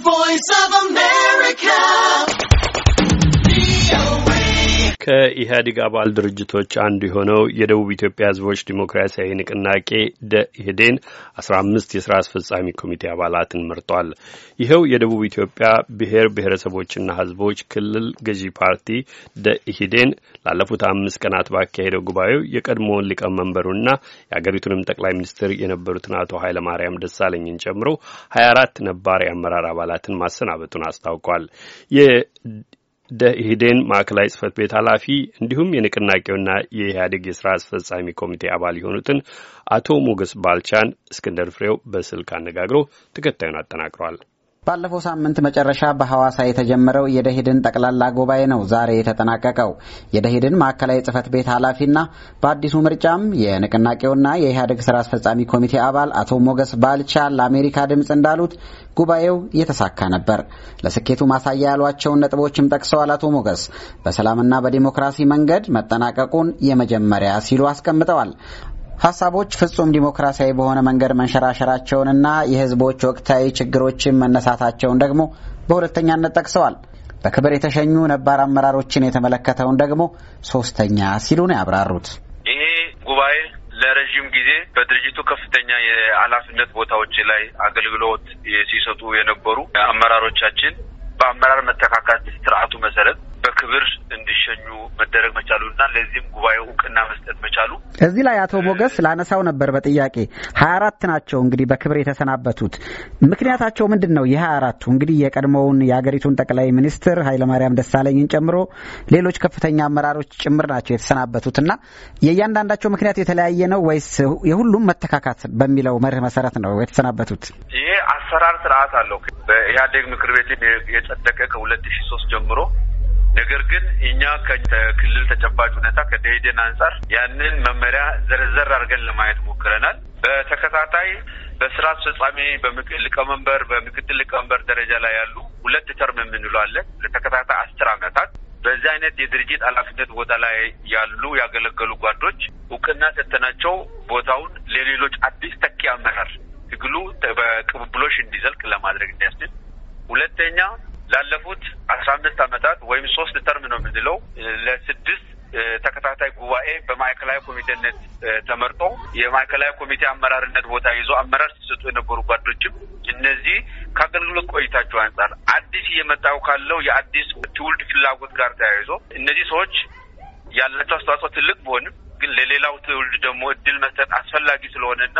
voice of a man. ከኢህአዴግ አባል ድርጅቶች አንዱ የሆነው የደቡብ ኢትዮጵያ ህዝቦች ዲሞክራሲያዊ ንቅናቄ ደኢህዴን አስራ አምስት የስራ አስፈጻሚ ኮሚቴ አባላትን መርጧል። ይኸው የደቡብ ኢትዮጵያ ብሔር ብሔረሰቦችና ህዝቦች ክልል ገዢ ፓርቲ ደኢህዴን ላለፉት አምስት ቀናት ባካሄደው ጉባኤው የቀድሞውን ሊቀመንበሩና የአገሪቱንም ጠቅላይ ሚኒስትር የነበሩትን አቶ ኃይለማርያም ደሳለኝን ጨምሮ ሀያ አራት ነባር የአመራር አባላትን ማሰናበቱን አስታውቋል። ደኢህዴን ማዕከላዊ ጽህፈት ቤት ኃላፊ እንዲሁም የንቅናቄውና የኢህአዴግ የስራ አስፈጻሚ ኮሚቴ አባል የሆኑትን አቶ ሞገስ ባልቻን እስክንደር ፍሬው በስልክ አነጋግሮ ተከታዩን አጠናቅሯል። ባለፈው ሳምንት መጨረሻ በሐዋሳ የተጀመረው የደሂድን ጠቅላላ ጉባኤ ነው ዛሬ የተጠናቀቀው። የደሂድን ማዕከላዊ ጽህፈት ቤት ኃላፊና በአዲሱ ምርጫም የንቅናቄውና የኢህአዴግ ስራ አስፈጻሚ ኮሚቴ አባል አቶ ሞገስ ባልቻ ለአሜሪካ ድምፅ እንዳሉት ጉባኤው የተሳካ ነበር። ለስኬቱ ማሳያ ያሏቸውን ነጥቦችም ጠቅሰዋል። አቶ ሞገስ በሰላምና በዲሞክራሲ መንገድ መጠናቀቁን የመጀመሪያ ሲሉ አስቀምጠዋል። ሀሳቦች ፍጹም ዲሞክራሲያዊ በሆነ መንገድ መንሸራሸራቸውንና የህዝቦች ወቅታዊ ችግሮችን መነሳታቸውን ደግሞ በሁለተኛነት ጠቅሰዋል። በክብር የተሸኙ ነባር አመራሮችን የተመለከተውን ደግሞ ሶስተኛ ሲሉ ነው ያብራሩት። ይሄ ጉባኤ ለረዥም ጊዜ በድርጅቱ ከፍተኛ የኃላፊነት ቦታዎች ላይ አገልግሎት ሲሰጡ የነበሩ አመራሮቻችን በአመራር መተካካት እዚህ ላይ አቶ ሞገስ ላነሳው ነበር በጥያቄ ሀያ አራት ናቸው እንግዲህ በክብር የተሰናበቱት ምክንያታቸው ምንድን ነው? የሀያ አራቱ እንግዲህ የቀድሞውን የሀገሪቱን ጠቅላይ ሚኒስትር ኃይለማርያም ደሳለኝን ጨምሮ ሌሎች ከፍተኛ አመራሮች ጭምር ናቸው የተሰናበቱት እና የእያንዳንዳቸው ምክንያት የተለያየ ነው ወይስ የሁሉም መተካካት በሚለው መርህ መሰረት ነው የተሰናበቱት? ይሄ አሰራር ስርዓት አለው። በኢህአዴግ ምክር ቤት የጸደቀ ከሁለት ሺ ሶስት ጀምሮ ነገር ግን እኛ ከክልል ተጨባጭ ሁኔታ ከደኢህዴን አንጻር ያንን መመሪያ ዘርዘር አድርገን ለማየት ሞክረናል። በተከታታይ በስራ አስፈጻሚ ሊቀመንበር፣ በምክትል ሊቀመንበር ደረጃ ላይ ያሉ ሁለት ተርም የምንለዋለን ለተከታታይ አስር ዓመታት በዚህ አይነት የድርጅት ኃላፊነት ቦታ ላይ ያሉ ያገለገሉ ጓዶች እውቅና ሰተናቸው ቦታውን ለሌሎች አዲስ ተኪ አመራር ትግሉ በቅብብሎሽ እንዲዘልቅ ለማድረግ እንዲያስችል፣ ሁለተኛ ላለፉት አስራ አምስት ዓመታት ወይም ሶስት ተርም ነው የምንለው ለስድስት ተከታታይ ጉባኤ በማዕከላዊ ኮሚቴነት ተመርጦ የማዕከላዊ ኮሚቴ አመራርነት ቦታ ይዞ አመራር ሲሰጡ የነበሩ ጓዶችም እነዚህ ከአገልግሎት ቆይታቸው አንጻር አዲስ እየመጣው ካለው የአዲስ ትውልድ ፍላጎት ጋር ተያይዞ እነዚህ ሰዎች ያላቸው አስተዋጽኦ ትልቅ ቢሆንም ግን ለሌላው ትውልድ ደግሞ እድል መስጠት አስፈላጊ ስለሆነና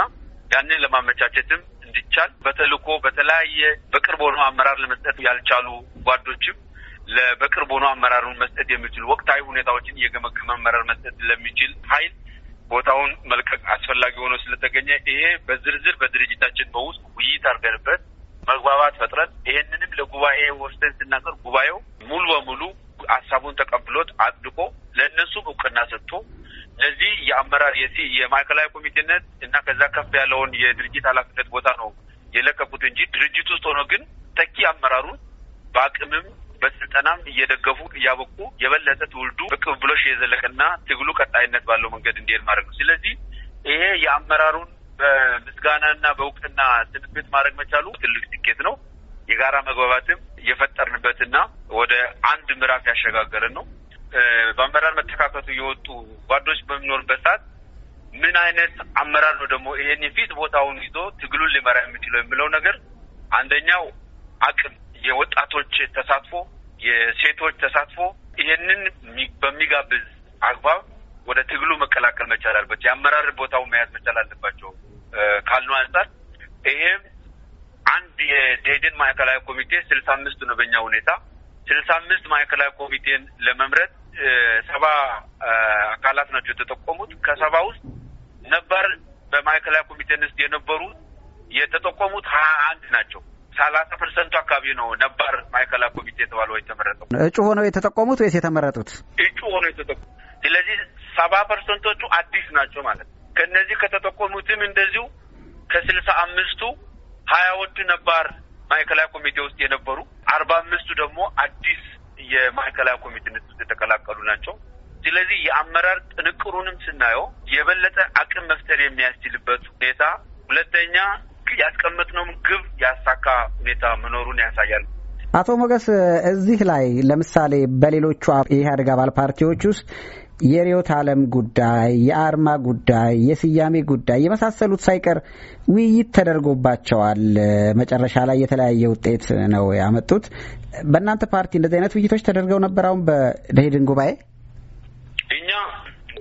ያንን ለማመቻቸትም እንዲቻል በተልእኮ በተለያየ በቅርብ ሆኖ አመራር ለመስጠት ያልቻሉ ጓዶችም ለበቅርብ ሆኖ አመራሩን መስጠት የሚችሉ ወቅታዊ ሁኔታዎችን የገመገመ አመራር መስጠት ለሚችል ኃይል ቦታውን መልቀቅ አስፈላጊ ሆኖ ስለተገኘ ይሄ በዝርዝር በድርጅታችን በውስጥ ውይይት አድርገንበት መግባባት ፈጥረን ይሄንንም ለጉባኤ ወስደን ስናቀር ጉባኤው ሙሉ በሙሉ ሀሳቡን ተቀብሎት አጽድቆ ለእነሱ የአመራር የማዕከላዊ ኮሚቴነት እና ከዛ ከፍ ያለውን የድርጅት ኃላፊነት ቦታ ነው የለቀቁት እንጂ ድርጅት ውስጥ ሆኖ ግን ተኪ አመራሩን በአቅምም በስልጠናም እየደገፉ እያበቁ የበለጠ ትውልዱ በቅብብሎሽ የዘለቀና ትግሉ ቀጣይነት ባለው መንገድ እንዲሄድ ማድረግ ነው። ስለዚህ ይሄ የአመራሩን በምስጋናና በእውቅና ስንብት ማድረግ መቻሉ ትልቅ ስኬት ነው። የጋራ መግባባትም የፈጠርንበትና ወደ አንድ ምዕራፍ ያሸጋገረን ነው። በአመራር መተካከቱ የወጡ ጓዶች በሚኖርበት ሰዓት ምን አይነት አመራር ነው ደግሞ ይሄን የፊት ቦታውን ይዞ ትግሉን ሊመራ የሚችለው የሚለው ነገር አንደኛው አቅም፣ የወጣቶች ተሳትፎ፣ የሴቶች ተሳትፎ ይሄንን በሚጋብዝ አግባብ ወደ ትግሉ መቀላቀል መቻል አለበት። የአመራር ቦታው መያዝ መቻል አለባቸው ካልነው አንጻር ይሄም አንድ የዴድን ማዕከላዊ ኮሚቴ ስልሳ አምስቱ ነው በእኛ ሁኔታ ስልሳ አምስት ማዕከላዊ ኮሚቴን ለመምረጥ ሰባ አካላት ናቸው የተጠቆሙት። ከሰባ ውስጥ ነባር በማዕከላዊ ኮሚቴን ውስጥ የነበሩ የተጠቆሙት ሀያ አንድ ናቸው። ሰላሳ ፐርሰንቱ አካባቢ ነው ነባር ማዕከላዊ ኮሚቴ የተባለው የተመረጠው። እጩ ሆነው የተጠቆሙት ወይስ የተመረጡት? እጩ ሆነው የተጠቆሙት። ስለዚህ ሰባ ፐርሰንቶቹ አዲስ ናቸው ማለት ነው። ከእነዚህ ከተጠቆሙትም እንደዚሁ ከስልሳ አምስቱ ሀያዎቹ ነባር ማዕከላዊ ኮሚቴ ውስጥ የነበሩ፣ አርባ አምስቱ ደግሞ አዲስ የማዕከላዊ ኮሚቴነት ውስጥ የተቀላቀሉ ናቸው። ስለዚህ የአመራር ጥንቅሩንም ስናየው የበለጠ አቅም መፍጠር የሚያስችልበት ሁኔታ፣ ሁለተኛ ያስቀመጥነውም ግብ ያሳካ ሁኔታ መኖሩን ያሳያል። አቶ ሞገስ እዚህ ላይ ለምሳሌ በሌሎቹ የኢህአዴግ አባል ፓርቲዎች ውስጥ የርዕዮተ ዓለም ጉዳይ፣ የአርማ ጉዳይ፣ የስያሜ ጉዳይ የመሳሰሉት ሳይቀር ውይይት ተደርጎባቸዋል። መጨረሻ ላይ የተለያየ ውጤት ነው ያመጡት። በእናንተ ፓርቲ እንደዚህ አይነት ውይይቶች ተደርገው ነበር? አሁን በደሄድን ጉባኤ እኛ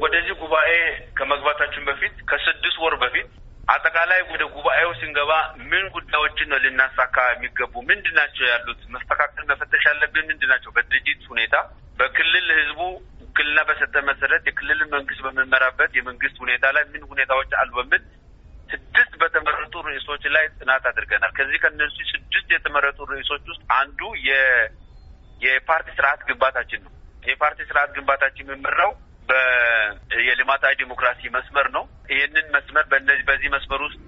ወደዚህ ጉባኤ ከመግባታችን በፊት ከስድስት ወር በፊት አጠቃላይ ወደ ጉባኤው ስንገባ ምን ጉዳዮችን ነው ልናሳካ የሚገቡ ምንድን ናቸው ያሉት መስተካከል መፈተሽ ያለብን ምንድን ናቸው በድርጅት ሁኔታ በክልል ህዝቡ ውክልና በሰጠ መሰረት የክልልን መንግስት በምንመራበት የመንግስት ሁኔታ ላይ ምን ሁኔታዎች አሉ በምል ስድስት በተመረጡ ርዕሶች ላይ ጥናት አድርገናል። ከዚህ ከነሱ ስድስት የተመረጡ ርዕሶች ውስጥ አንዱ የፓርቲ ስርዓት ግንባታችን ነው። የፓርቲ ስርዓት ግንባታችን የሚመራው የልማታዊ ዲሞክራሲ መስመር ነው። ይህንን መስመር በነዚህ በዚህ መስመር ውስጥ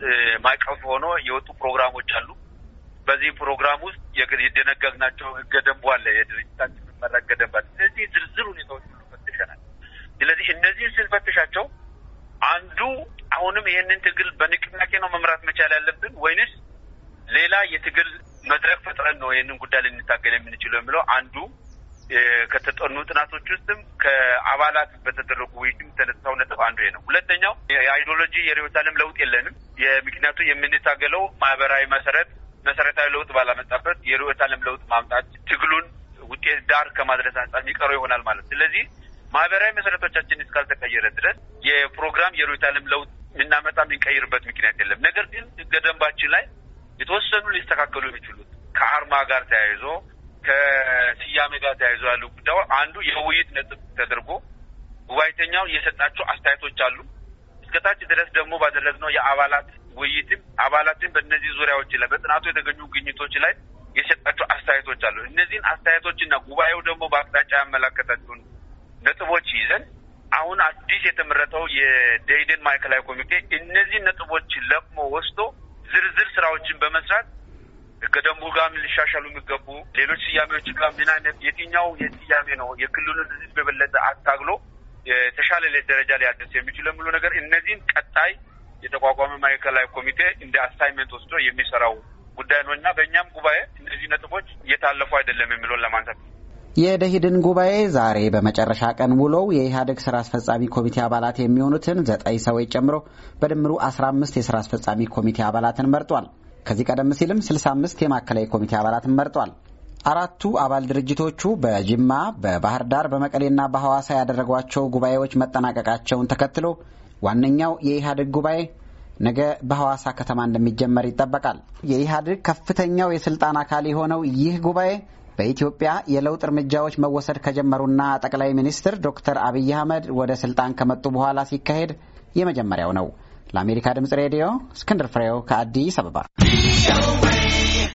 ማዕቀፍ ሆኖ የወጡ ፕሮግራሞች አሉ። በዚህ ፕሮግራም ውስጥ የደነገግናቸው ህገ ደንቡ አለ። የድርጅታችን መመሪያ ህገ ደንብ አለ። እነዚህ ዝርዝር ሁኔታዎች ስለዚህ እነዚህን ስንፈትሻቸው አንዱ አሁንም ይህንን ትግል በንቅናቄ ነው መምራት መቻል ያለብን ወይንስ ሌላ የትግል መድረክ ፈጥረን ነው ይህንን ጉዳይ ልንታገል የምንችለው የሚለው አንዱ ከተጠኑ ጥናቶች ውስጥም ከአባላት በተደረጉ ውይይትም ተነሳው ነጥብ አንዱ ነው። ሁለተኛው የአይዲዮሎጂ የርዕዮተ ዓለም ለውጥ የለንም። የምክንያቱ የምንታገለው ማህበራዊ መሰረት መሰረታዊ ለውጥ ባላመጣበት የርዕዮተ ዓለም ለውጥ ማምጣት ትግሉን ውጤት ዳር ከማድረስ አንጻር የሚቀረው ይሆናል ማለት ስለዚህ ማህበራዊ መሰረቶቻችን እስካልተቀየረ ድረስ የፕሮግራም የርዕዮተ ዓለም ለውጥ የምናመጣ የምንቀይርበት ምክንያት የለም። ነገር ግን ህገ ደንባችን ላይ የተወሰኑ ሊስተካከሉ የሚችሉት ከአርማ ጋር ተያይዞ ከስያሜ ጋር ተያይዞ ያሉ ጉዳዮች አንዱ የውይይት ነጥብ ተደርጎ ጉባኤተኛው የሰጣቸው አስተያየቶች አሉ። እስከታች ድረስ ደግሞ ባደረግነው የአባላት ውይይትም አባላትን በእነዚህ ዙሪያዎች ላይ በጥናቱ የተገኙ ግኝቶች ላይ የሰጣቸው አስተያየቶች አሉ። እነዚህን አስተያየቶችና ጉባኤው ደግሞ በአቅጣጫ ያመላከታቸውን ነጥቦች ይዘን አሁን አዲስ የተመረጠው የደኢህዴን ማዕከላዊ ኮሚቴ እነዚህ ነጥቦች ለቅሞ ወስዶ ዝርዝር ስራዎችን በመስራት ህገ ደንቡ ጋም ሊሻሻሉ የሚገቡ ሌሎች ስያሜዎች ጋር ምን አይነት የትኛው የስያሜ ነው የክልሉን ህዝብ የበለጠ አታግሎ የተሻለ ሌት ደረጃ ሊያደርስ የሚችሉ የሚሉ ነገር እነዚህን ቀጣይ የተቋቋመ ማዕከላዊ ኮሚቴ እንደ አሳይመንት ወስዶ የሚሰራው ጉዳይ ነው እና በእኛም ጉባኤ እነዚህ ነጥቦች እየታለፉ አይደለም የሚለውን ለማንሳት የደሂድን ጉባኤ ዛሬ በመጨረሻ ቀን ውሎው የኢህአዴግ ስራ አስፈጻሚ ኮሚቴ አባላት የሚሆኑትን ዘጠኝ ሰዎች ጨምሮ በድምሩ 15 የስራ አስፈጻሚ ኮሚቴ አባላትን መርጧል። ከዚህ ቀደም ሲልም 65 የማዕከላዊ ኮሚቴ አባላትን መርጧል። አራቱ አባል ድርጅቶቹ በጅማ፣ በባህር ዳር፣ በመቀሌና በሐዋሳ ያደረጓቸው ጉባኤዎች መጠናቀቃቸውን ተከትሎ ዋነኛው የኢህአዴግ ጉባኤ ነገ በሐዋሳ ከተማ እንደሚጀመር ይጠበቃል። የኢህአዴግ ከፍተኛው የስልጣን አካል የሆነው ይህ ጉባኤ በኢትዮጵያ የለውጥ እርምጃዎች መወሰድ ከጀመሩና ጠቅላይ ሚኒስትር ዶክተር አብይ አህመድ ወደ ስልጣን ከመጡ በኋላ ሲካሄድ የመጀመሪያው ነው። ለአሜሪካ ድምፅ ሬዲዮ እስክንድር ፍሬው ከአዲስ አበባ